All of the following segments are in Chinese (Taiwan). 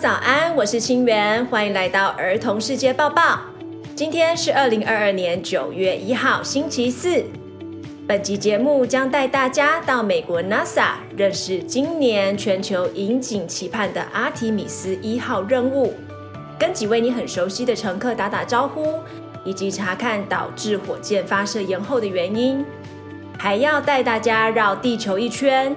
早安，我是清源，歡迎來到兒童世界報報。今天是二零二二年九月一號，星期四。本集節目將帶大家到美國 NASA，認識今年全球引頸期盼的阿提米絲一號任務，跟幾位你很熟悉的乘客打打招呼，以及查看導致火箭發射延後的原因，還要帶大家繞地球一圈。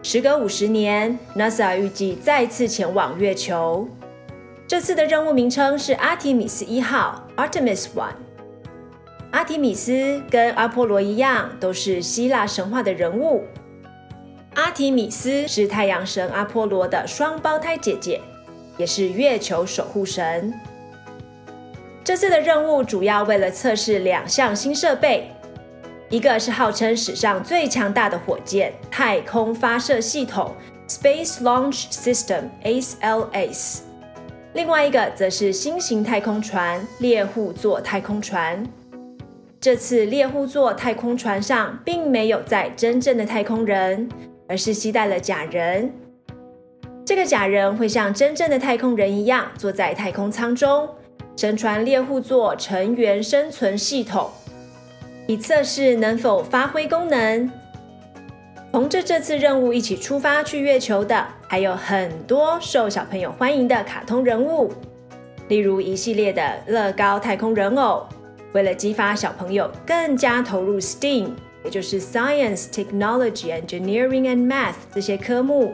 時隔五十年，NASA 預計再次前往月球。這次的任務名稱是阿提米斯一號 （Artemis One）。阿提米斯跟阿波羅一樣，都是希臘神話的人物。阿提米斯是太陽神阿波羅的雙胞胎姐姐，也是月球守護神。這次的任務主要為了測試兩項新設備。一個是號稱史上最強大的火箭太空發射系統 （Space Launch System, SLS），另外一個則是新型太空船獵戶座太空船。這次獵戶座太空船上並沒有載真正的太空人，而是攜帶了假人。這個假人會像真正的太空人一樣坐在太空艙中，身穿獵戶座乘員生存系統。以測試能否發揮功能。同着這次任務一起出發去月球的，還有很多受小朋友歡迎的卡通人物，例如一系列的樂高太空人偶。為了激發小朋友更加投入 STEAM，也就是 Science、Technology、Engineering and Math 這些科目。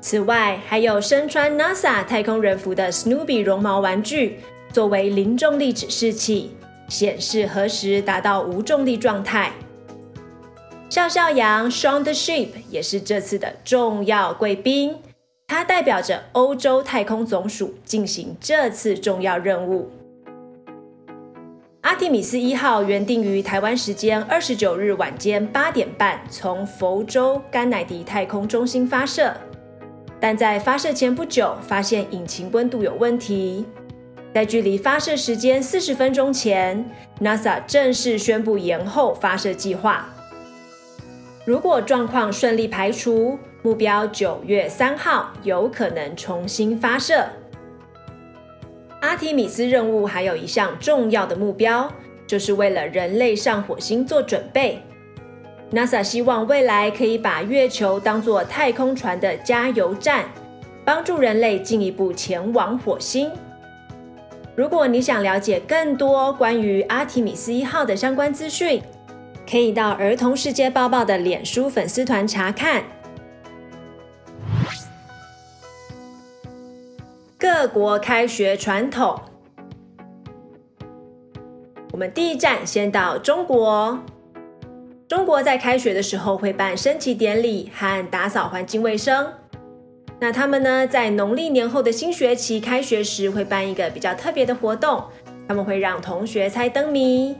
此外，還有身穿 NASA 太空人服的 Snoopy 絨毛玩具，作為零重力指示器。顯示何時達到無重力狀態。笑笑羊 Shaun the Sheep 也是這次的重要貴賓，他代表着歐洲太空總署進行這次重要任務。阿提米絲一號原定於台灣時間二十九日晚間八點半從佛州甘迺迪太空中心發射，但在發射前不久發現引擎溫度有問題。在距離發射時間四十分鐘前，NASA 正式宣布延後發射計劃。如果狀況順利排除，目標九月三號有可能重新發射。阿提米斯任務還有一項重要的目標，就是為了人類上火星做準備。NASA 希望未來可以把月球當作太空船的加油站，幫助人類進一步前往火星。如果你想了解更多關於阿提米斯一號的相關資訊，可以到《兒童世界報報》的臉書粉絲團查看。各國開學傳統，我們第一站先到中國。中國在開學的時候會辦升旗典禮和打掃環境衛生。那他們呢，在農曆年後的新學期開學時，會辦一個比較特別的活動，他們會讓同學猜燈謎。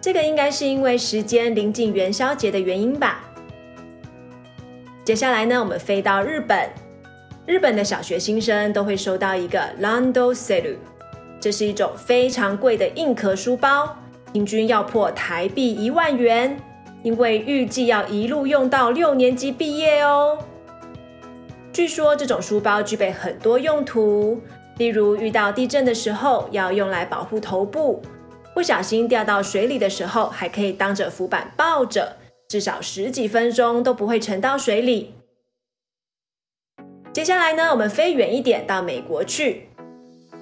這個應該是因為時間臨近元宵節的原因吧。接下來呢，我們飛到日本，日本的小學新生都會收到一個ランドセル，這是一種非常貴的硬殼書包，平均要破台幣一萬元，因為預計要一路用到六年級畢業哦。據說這種書包具備很多用途，例如遇到地震的時候要用來保護頭部，不小心掉到水裡的時候還可以當作浮板抱着，至少十幾分鐘都不會沉到水裡。接下來呢，我們飛遠一點到美國去，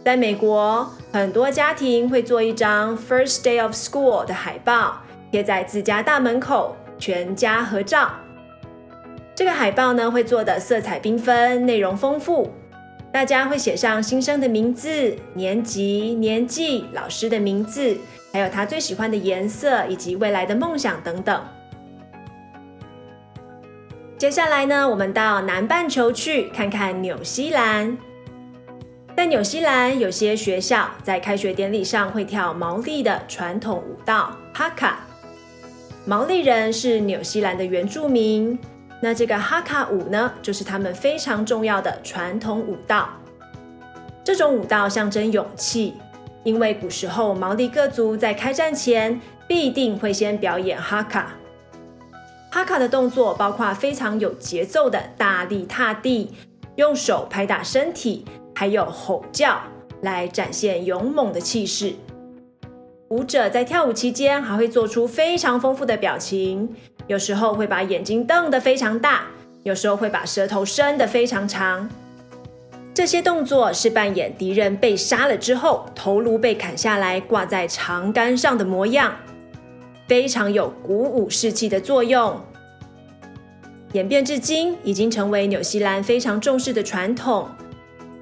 在美國很多家庭會做一張 First Day of School 的海報，貼在自家大門口，全家合照。這個海報呢，會做的色彩繽紛，內容豐富，大家會寫上新生的名字、年級、年紀、老師的名字，還有他最喜歡的顏色以及未來的夢想等等。接下來呢，我們到南半球去看看紐西蘭。在紐西蘭，有些學校在開學典禮上會跳毛利的傳統舞蹈哈卡。毛利人是紐西蘭的原住民。那這個哈卡舞呢，就是他們非常重要的傳統舞蹈。這種舞蹈象徵勇氣，因為古時候毛利各族在開戰前，必定會先表演哈卡。哈卡的動作包括非常有節奏的大力踏地、用手拍打身體，還有吼叫，來展現勇猛的氣勢。舞者在跳舞期間還會做出非常豐富的表情。有時候會把眼睛瞪得非常大，有時候會把舌頭伸得非常長。這些動作是扮演敵人被殺了之後，頭顱被砍下來掛在長桿上的模樣，非常有鼓舞士氣的作用。演變至今，已經成為紐西蘭非常重視的傳統。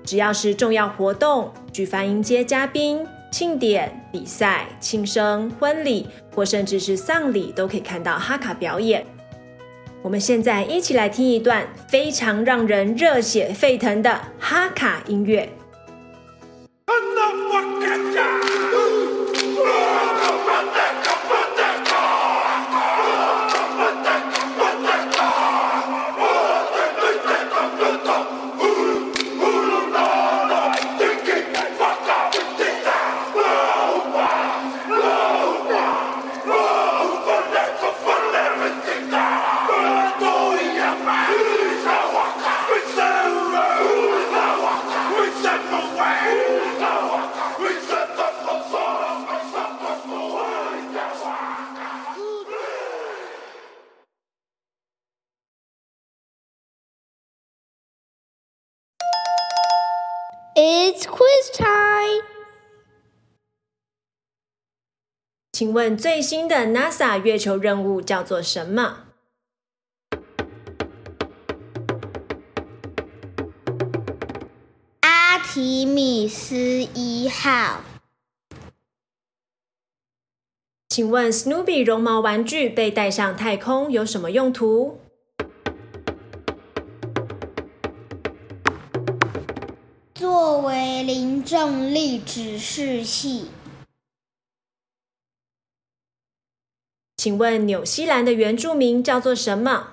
只要是重要活動，舉凡迎接嘉賓、慶典、比賽、慶生、婚禮，或甚至是喪禮，都可以看到哈卡表演。我們現在一起來聽一段非常讓人熱血沸騰的哈卡音樂。音 It's quiz time。請問最新的 NASA 月球任務叫做什麼？阿提米斯一號。請問 Snoopy 絨毛玩具被帶上太空有什麼用途？為零重力指示器。請問，紐西蘭的原住民叫做什麼？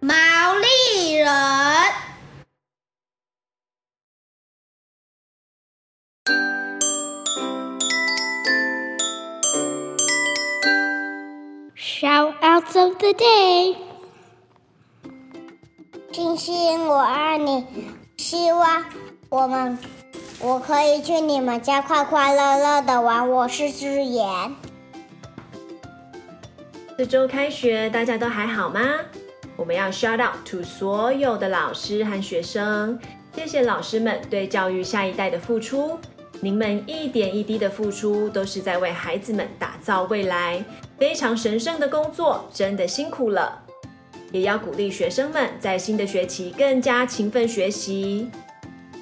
毛利人。Shout outs of the day。星星，我愛你。希望我們，我可以去你們家快快樂樂的玩。我是支言。這周開學，大家都還好嗎？我們要 shout out to 所有的老師和學生，謝謝老師們對教育下一代的付出。你們一點一滴的付出，都是在為孩子們打造未來，非常神聖的工作，真的辛苦了。也要鼓勵學生們在新的學期更加勤奮學習。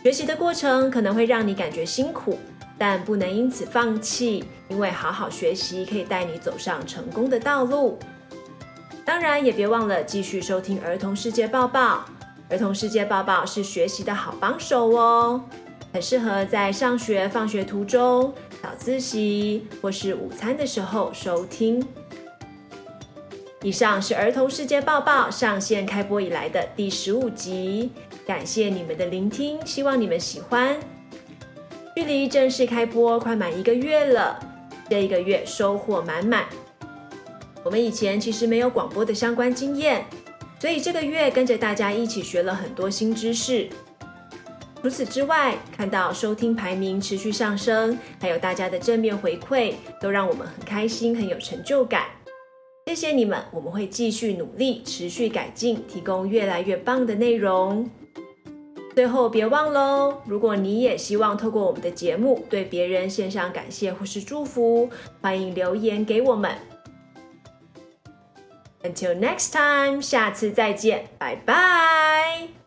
學習的過程可能會讓你感覺辛苦，但不能因此放棄，因為好好學習可以帶你走上成功的道路。當然，也別忘了繼續收聽兒童世界報報《兒童世界報報》，《兒童世界報報》是學習的好幫手哦，很適合在上學、放學途中、早自習或是午餐的時候收聽。以上是兒童世界報報上線開播以來的第十五集，感謝你們的聆聽，希望你們喜歡。距離正式開播快滿一個月了，這一個月收穫滿滿。我們以前其實沒有廣播的相關經驗，所以這個月跟着大家一起學了很多新知識。除此之外，看到收聽排名持續上升，還有大家的正面回饋，都讓我們很開心，很有成就感。謝謝你們，我們會繼續努力，持續改進，提供越來越棒的內容。最後，別忘嘍，如果你也希望透過我們的節目對別人獻上感謝或是祝福，歡迎留言給我們。Until next time，下次再見，拜拜。